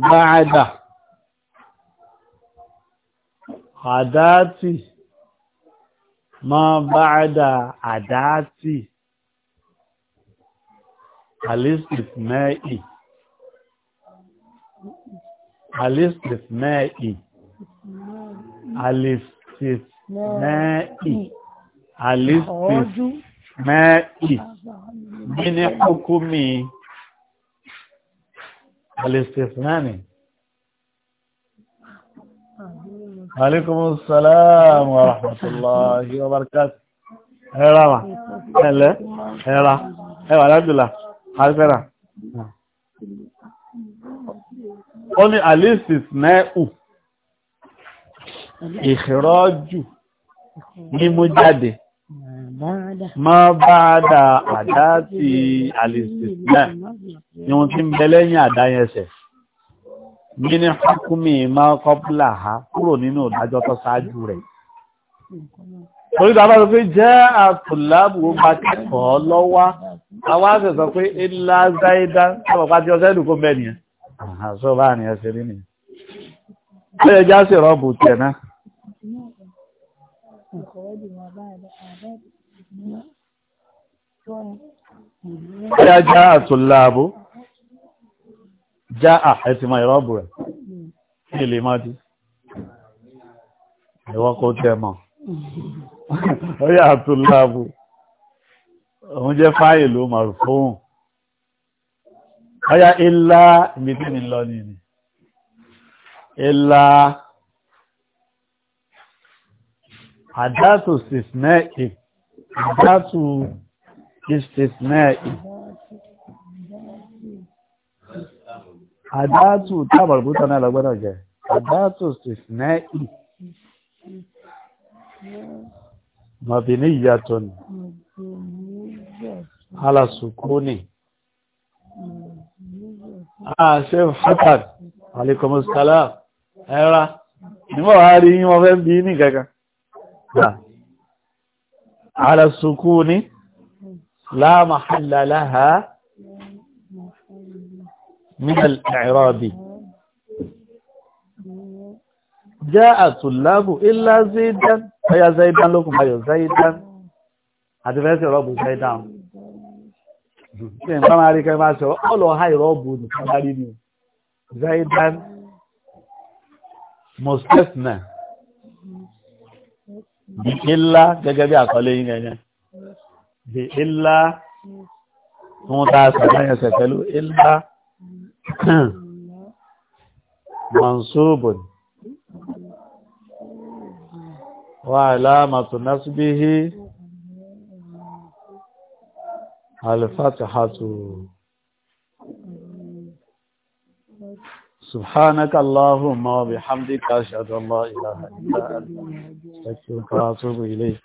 [SPEAKER 1] báadà àdáàtì ma báadà àdáàtì alistif mẹ́ì alistif mẹ́ì alistif mẹ́ì alistif mẹ́ì mini hukumi. الاستثناني عليكم السلام ورحمة الله وبركاته هلا ما هلا هلا هلا الحمد لله حالك هلا قولي الاستثناء إخراج ممجد ما بعد عدات الاستثناء ìwọ̀n tí ń bẹ lẹ́yìn àdáyẹsẹ̀ nínú hukumi ma kọ́pùlà ha kúrò nínú ìdájọ́ tó ṣáájú rẹ̀
[SPEAKER 2] oríta bá sọ pé jẹ́ àtùlábù bá kẹ́kọ̀ọ́
[SPEAKER 1] lọ́wọ́ àwọn àṣẹ sọ pé ilá záídá sọ́pàá tí ọ̀sẹ́ ìdùkú bẹ́ẹ̀ nìyẹn àṣọ bá ní ẹsẹ̀ rí nìyẹn ó já sí rọ́ọ̀bù tiẹ̀ náà
[SPEAKER 2] ó yẹ já
[SPEAKER 1] àtùlábù já à ẹ̀sìn mọ ìrọ́bù rẹ̀ kí ni lè má dí ìwọ́ kó tẹ̀ mọ́ ó yà tó láàbù òun jẹ́ fáìlú màrúfóhùn ọya ilá ibi tí mi lọ nìyí ilá àdátù sísmẹ́ẹ̀kì àdátù ìsísmẹ́ẹ̀kì àdáàtù tábà rúbútà náà lọ́gbọ́dọ̀ jẹ́ àdáàtù sìsnẹ́ì mọ̀bìnì ìyàtọ̀ ni alásùkúnì àṣẹ fatad alikomusala ẹra níwọ̀n wá rí yíwọ́n fẹ́ bí ní gẹ́gẹ́ alásùkúnì láàmà hàlàláha من الإعراب جاء طلاب إلا زيدا فيا زيدا لكم فيا زيدا هذا فيا رب زيدا ṣe nǹkan máa rí kẹ máa sọ ọlọ ha ìrọ́bù nìkan bá rí ni zaidan mustesna bí ilá gẹ́gẹ́ bí àkọlé yín gẹ́gẹ́ bí ilá tí wọ́n ta sàmáyẹsẹ̀ pẹ̀lú ilá <coughs> منصوب وعلامة نصبه الفتحة سبحانك اللهم وبحمدك أشهد أن لا إله إلا أنت أستغفرك وأتوب إليك